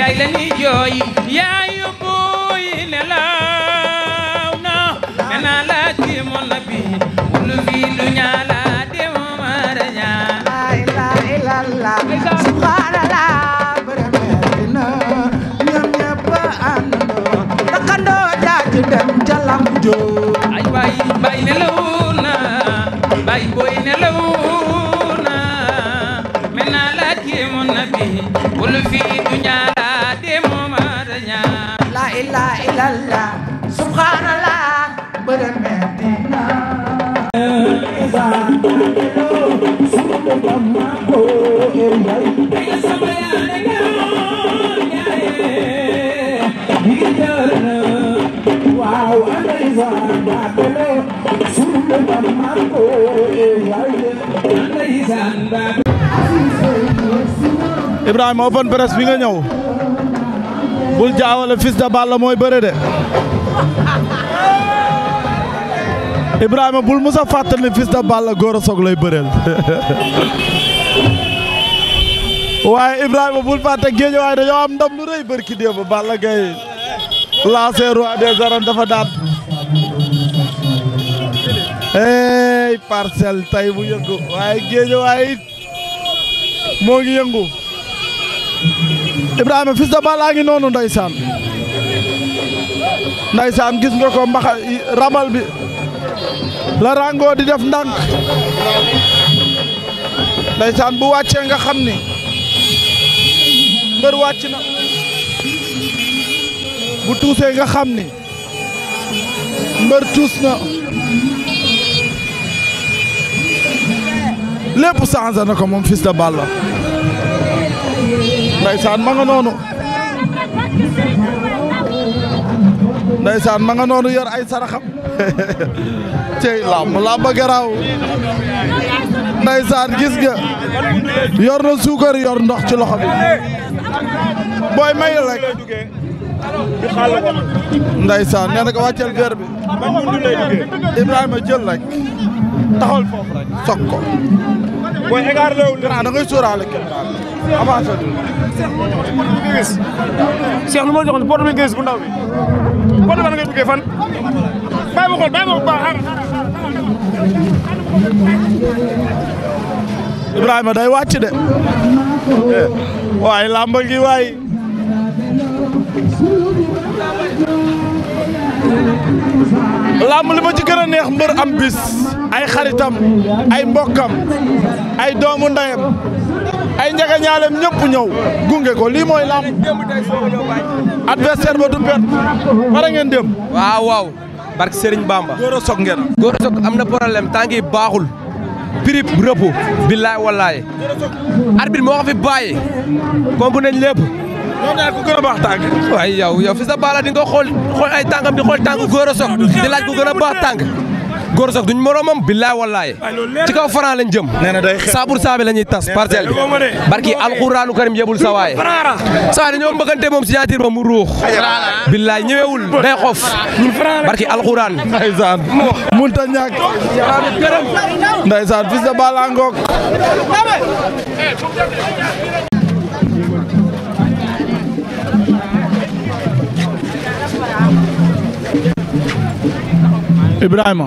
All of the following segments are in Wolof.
yaay la ñuy jooy yaa yóbbu yi nelaw na nena la ci mon na bi wulu fi lu ñaala de momara ña la ilaha illallah subhanallah barame dina ñoom ñëpp àndandoo takandoo jaaji dem jalam jo ay bay bay nelaw na bay boy nelaw na mena la ci mon na bi wulu fi lu ñaala ilaha illallah subhanallah bërëm metti Ibrahima open press bi nga ñëw bul jaawale Fils de Balla mooy bëre de Ibrahima bul musa fàttali Fils de Balla góor a soog lay bëreel waaye Ibrahima bul fàtte géej waaye dañoo am ndam lu rëy bërki démb Balla Gaye lancé roi des arènes dafa daan eey parcelle mu yëngu waaye géej waaye moo ngi yëngu Ibrahima Fils de Balla a ngi noonu ndeysaan ndeysaan gis nga ko mbaxa ramal bi la rango di def ndànk ndeysaan bu wàccee nga xam ni mbër wàcc na bu tuusee nga xam ni mbër tuus na lépp changé na ko moom Fils de Ndeysaan ma nga ma nga noonu yor ay saraxam cey làmb làmb garaaw Ndeysaan gis nga yor na suukar yor ndox ci loxo booy may rek Ndeysaan nee na ko wàcceel gër bi Ibrahima jël rek taxawal avancé wu. Cheikh bu ndaw bi. porte bi nga duggee Ibrahima day wàcc de. Eh, waay làmb gi waay. làmb li gën a neex mbër am bis ay xaritam ay mbokkam ay doomu ndeyam. ay njëkk a ñaaleem ñëpp ñëw gunge ko lii mooy lamb. adversaire ba du perte pare dem. waaw waaw. barke Serigne Bamba. góor a soog ngeen. góor a soog am na problème tànk yi baaxul. prix rëpp. billaay wallaay. arbitre moo ko fi bàyyi. kombu nañ lépp. loolu a baax tànk. waaye yow yow sa baala di nga xool ay tànkam di xool tànk góor a soog di ku gën baax tànk. góor sax duñ moroomam billaay wallaay ci kaw Franc lañ jëm saa pour saa bi la barki alxuraanu karim yebul sa waay sa waay dañoo mbëkkante moom signature ba mu ruux ah. billaay ñëwewul day xof barki alxuraan ndeysaan mun ta ñàkk ndeysaan fils Ibrahima.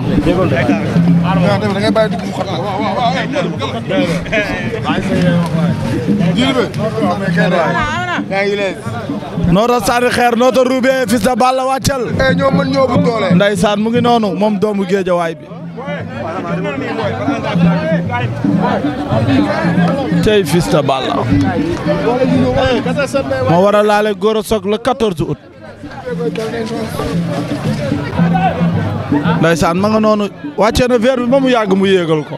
noota Sary Xeer noota Roubé fils de Balla wàccal. ñoom man ñoo bu doole. mu ngi noonu moom doomu géejawaay bi. tey fils de moo war a laale Gora Sock le 14 août. ndaysaan ma nga noonu wàccee na verre bi ba mu yàgg mu yéegal ko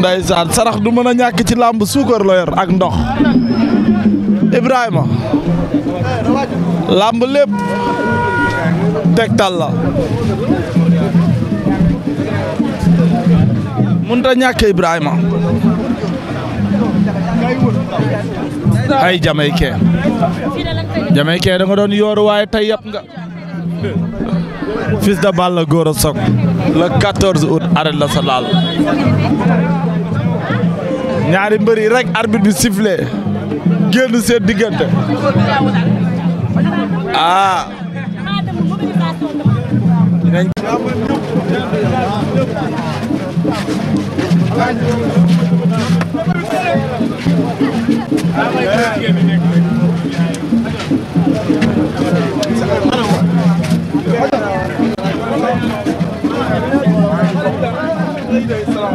ndaysaan sarax du mën a ñàkk ci làmb suukar la ak ndox Ibrahima làmb lépp tegtal la mënut a ñàkk Ibrahima ay jamaykee jamaykee da nga doon yooru waaye tey yàpp nga Fils de Balla Gora Sock le 14 août arène nationale ñaari mbër yi rek arbitre bi sifflé génn seen diggante ah. salaamaaleykum.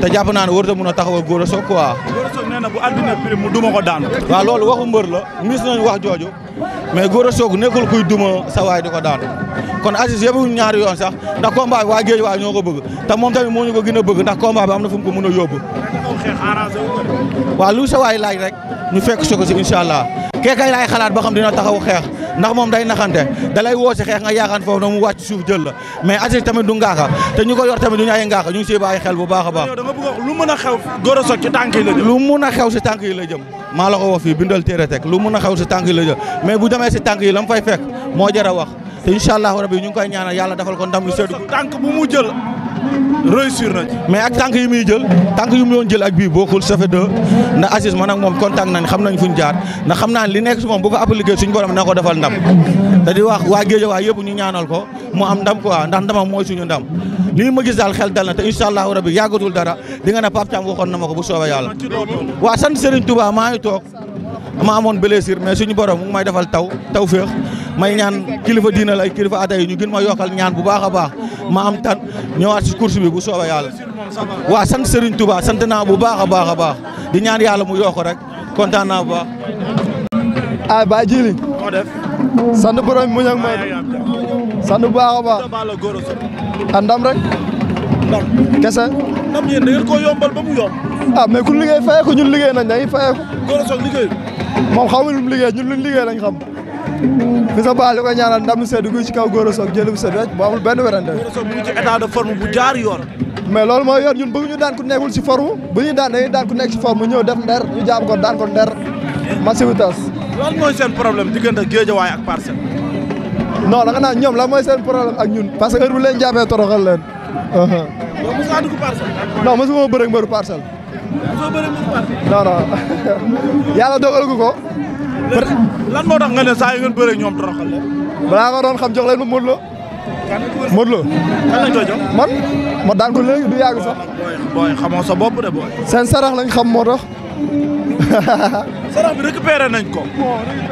te jàpp naa ne warut a mun a taxawal Gora Sock quoi. Gora Sock na bu àddina prix mu duma ko daan. waaw loolu waxu mbër la mis nañu wax jooju mais Gora Sock nekkul kuy duma sa waay di ko daan kon Aziz yëpp ñaari yoon sax nda combat bi waa géej waa ñoo ko bëgg te moom tamit moo ñu ko gën a bëgg ndax combat bi am na fu ko mën a yóbbu. waaw lu sa waay laaj rek ñu fekk si ko si incha allah kee kay laay xalaat ba xam dina taxaw xeex ndax moom day naxante da woo si xeex nga yaakaar foofu na wàcc suuf jël la mais Aziz tamit du ngaaka te ñu ko yor tamit du ñu ngaaka ñu ngi siy xel bu baax a baax. dama lu mën a xew Gora Sock ci tànk yi la jëm. lu mën a xew si tànk yi la jëm maa la ko wax fii bindal téere teg lu mën a xew si tànk yi la jëm mais bu demee si tànk yi la mu fay fekk moo jar a wax te incha allah rabi ñu ngi koy ñaanal yàlla defal réussir na ci. mais ak tànk yi muy jël tànk yu mu yoon jël ak bii bokkul ça fait deux ndax moom kontaan nañ xam nañ fuñ jaar ndax xam naa li nekk moom bu ko appliqué suñ borom na ko defal ndam te di wax waa géej waa yëpp ñu ñaanal ko mu am ndam quoi ndax ndamam mooy suñu ndam lii ma gis daal xel dal na te incha allahu rabi yàggatul dara di nga ne Pape Thiam waxoon na ma ko bu soobee yàlla. waa sant Serigne Touba maa ngi ma amoon blessure mais suñu borom mu ngi may defal taw taw féex may ñaan kilifa diinal ay kilifa aada yi ñu gën ma yokkal ñaan bu baax a baax ma am tan ñëwaat si course bi bu soobee yàlla waaw sant Serigne Touba sant naa bu baax a baax a baax di ñaan yàlla mu yokk rek kontaan naa bu baax. ah Baye Djili. moo def. sant borom bi mu ñëw may. sant bu baax a baax. ah ndam rek. ndam kese. ndam yéen ah, ku liggéey fayee ko ñun liggéey nañ dañuy fayee ko. a soog liggéey. moom xamuñu lu mu ñun luñ liggéey lañ xam. Fils Balla li koy ñaanal ndam lu sedd gu ci kaw Gora Sock jël bu sedd rek bu amul benn werante. Gora Sock mu ngi ci état de forme loolu mooy yoon ñun bëgguñu daan ku nekkul ci forme bu ñuy daan dañuy daan ku ci forme ñëw def nder ñu jaam ko daan ko nder match bi tas. lan mooy seen problème diggante Guédiawaye ak Parcelles. non da nga naan ñoom mooy seen problème ak ñun parce que heure bu leen jàppee toroxal leen. non mosoo ànd ko Parcelles. non mosuma bëre ak mbëru Parcelles. mosoo bëre ak mbëru ko. lan moo tax nga ne saa yu ngeen bëree ñoom toroxal leen. balaa nga doon xam jox leen Modou Lo. Modou Lo. kan lañ koy jox ma daan ko léegi yàgg sax. booy sa bopp de booy. seen sarax lañ xam moo tax. sarax nañ ko.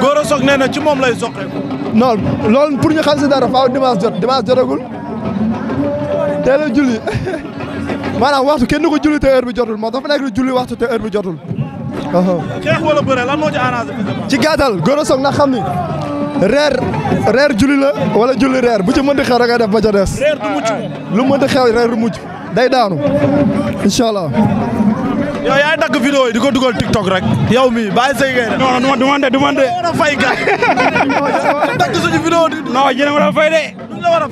góor nee na ci moom lay soqee ko. non loolu pour ñu xam si dara faaw dimanche jot dimanche jotagul. teel a julli maanaam waxtu kenn du ko julli te heure bi jotul moo tax fa nekk julli waxtu te heure bi jotul. xeex ci arrangé ci na xam ni reer reer julli la wala julli reer bu ci mënti xew rek def ba ca lu mënti xew reer du day daanu incha yaay dagg vidéo yi di ko dugal TikTok rek. yow mi bàyyi sa ngay def. non non du ma de du ma de. war a fay gars. dagg suñu vidéo di. non yéen a war a fay de. duñ la war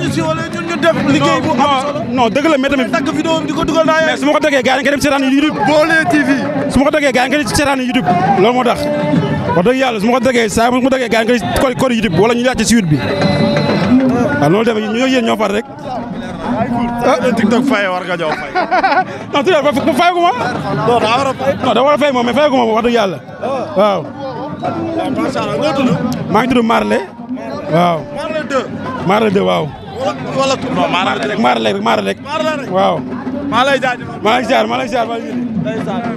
ñu si wala ñun ñu def liggéey dëgg la mais tamit dagg vidéo di ko dugal naa mais su ma ko daggee gars yi nga dem seetaan YouTube boole TV su ma ko daggee gars yi nga dem seetaan YouTube loolu moo tax wax dëgg yàlla su ma ko daggee saa su ma daggee gars yi nga ko ko YouTube wala ñu laaj ci suite bi waaw ah. ah, loolu tamit ñoo yéen ñoo far rek ah TikTok fay war nga jox fa fay ko ma. non daa war a fay. non daa war a fay moom ko ma wax dëgg yàlla. Ah. waaw. macha allah nga tudd. waaw. wala non maa la rek maa la rek maa la rek waaw maa lay jaajëfal maa lay jaar maa lay jaar maa lay ndeysaan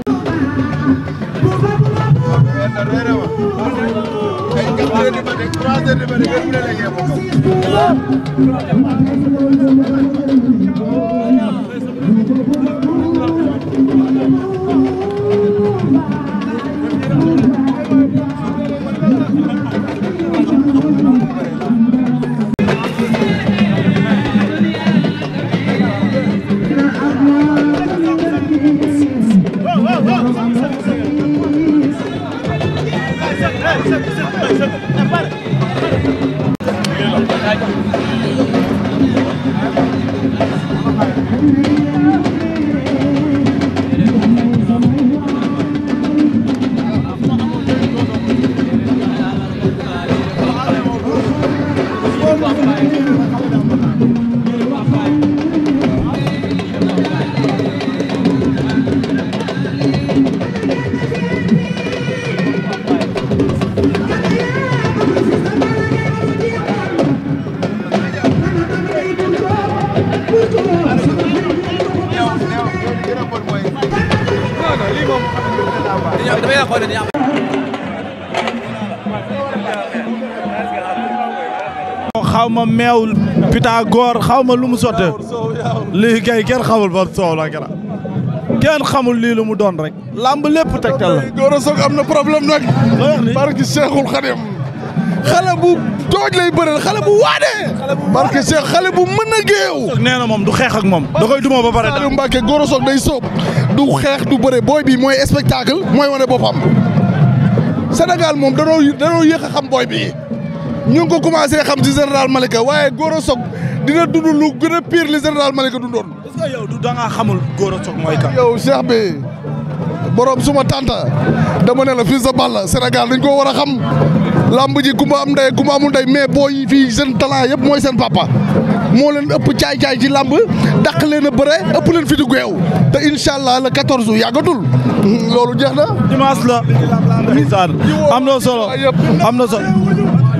Pythagore xaw ma lu mu sottee lii kay kenn xamul ba soow la gara kenn xamul lii lu mu doon rek làmb lépp tegtal la Gora Sock am na problème nag barki Cheikhul Khadim xale bu dooj lay bëreel xale bu waade barki Cheikh xale bu mën na géew nee na moom du xeex ak moom da koy duma ba pare daal Mbàkke Gora day soob du xeex du bëre booy bii mooy spectacle mooy wane boppam senegal moom danoo danoo yéex a xam booy bi ñu ngi ko commencé xam ci général Malika waaye Gora Sock dina dund lu gën a li général Malika dundoon. est-ce yow du da ngaa xamul Gora mooy kan. yow Cheikh bi borom suma tanta dama ne la fii sa balla Sénégal dañ koo war a xam lamb ji ku am ndey ku ma amul ndey mais boo yi fii seen talent yëpp mooy seen papa. moo leen ëpp caay-caay ci làmb dàq leen a bëre ëpp leen fi di geew te incha allah le quatorze août yàggatul loolu jeex na. dimanche la. am na solo am na solo.